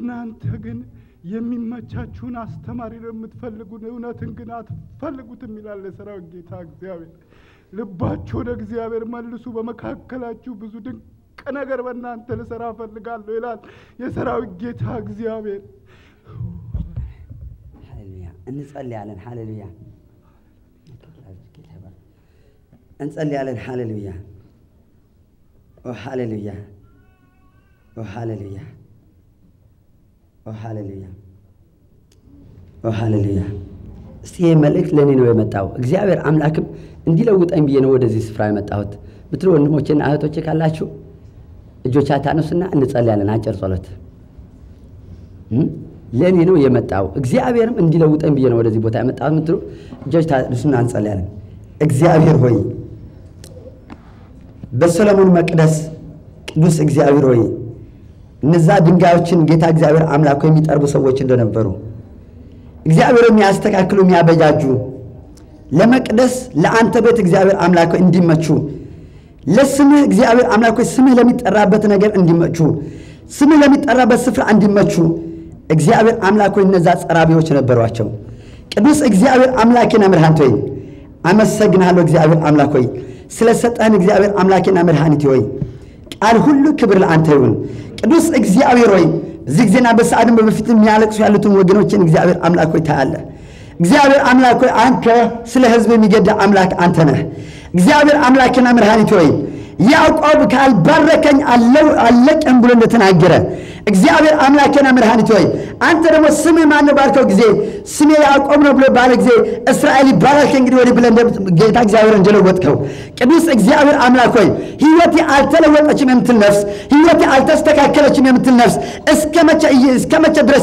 እናንተ ግን የሚመቻችሁን አስተማሪ ነው የምትፈልጉን፣ እውነትን ግን አትፈልጉትም ይላል የሰራዊት ጌታ እግዚአብሔር። ልባችሁ ወደ እግዚአብሔር መልሱ፣ በመካከላችሁ ብዙ ድንቅ ነገር በእናንተ ልሰራ ፈልጋለሁ ይላል የሰራዊት ጌታ እግዚአብሔር። ሃሌሉያ! እንጸልያለን። ሀሌሉያ እንጸልያለን። ሀሌሉያ ሀሌሉያ ሀሌሉያ ሃሌሉያ ሃሌሉያ። እስቲ ይህ መልእክት ለእኔ ነው የመጣው። እግዚአብሔር አምላክም እንዲለውጠኝ ብዬ ነው ወደዚህ ስፍራ የመጣሁት ምትሉ ወንድሞቼና እህቶቼ ካላችሁ እጆቻችሁን አነሱና እንጸልያለን። አጭር ጸሎት። ለእኔ ነው የመጣው እግዚአብሔርም እንዲለውጠኝ ብዬ ነው ወደዚህ ቦታ የመጣሁት ምትሉ እጆች ታነሱና እንጸልያለን። እግዚአብሔር ሆይ በሰለሞን መቅደስ ቅዱስ እግዚአብሔር ሆይ እነዛ ድንጋዮችን ጌታ እግዚአብሔር አምላኩ የሚጠርቡ ሰዎች እንደነበሩ እግዚአብሔር የሚያስተካክሉ የሚያበጃጁ ለመቅደስ ለአንተ ቤት እግዚአብሔር አምላኮ እንዲመቹ ለስምህ እግዚአብሔር አምላኮ ስምህ ለሚጠራበት ነገር እንዲመቹ ስምህ ለሚጠራበት ስፍራ እንዲመቹ እግዚአብሔር አምላኮ እነዛ ጸራቢዎች ነበሯቸው። ቅዱስ እግዚአብሔር አምላኬና መድኃኒቴ ሆይ አመሰግንሃለሁ። እግዚአብሔር አምላክ ሆይ ስለሰጠህን እግዚአብሔር አምላኬና መድኃኒቴ ሆይ ቃል ሁሉ ክብር ለአንተ ይሁን። ቅዱስ እግዚአብሔር ሆይ በዚህ ጊዜና በሰዓድም በበፊት የሚያለቅሱ ያሉትን ወገኖችን እግዚአብሔር አምላክ ሆይ ታያለ። እግዚአብሔር አምላክ ሆይ አንተ ስለ ህዝብ የሚገዳ አምላክ አንተ ነህ። እግዚአብሔር አምላክና መድኃኒት ሆይ ያዕቆብ ካልባረከኝ አለቅም ብሎ እንደተናገረ እግዚአብሔር አምላኬና መድኃኒት ሆይ አንተ ደግሞ ስምህ ማን ነው ባልከው ጊዜ ስሜ ያዕቆብ ነው ብሎ ባለ ጊዜ እስራኤል ይባላል እንግዲህ ወዲህ ብለህ ጌታ እግዚአብሔር እንደለወጥከው ቅዱስ እግዚአብሔር አምላክ ሆይ ህይወቴ አልተለወጠችም የምትል ነፍስ ህይወቴ አልተስተካከለችም የምትል ነፍስ እስከ መቼ ድረስ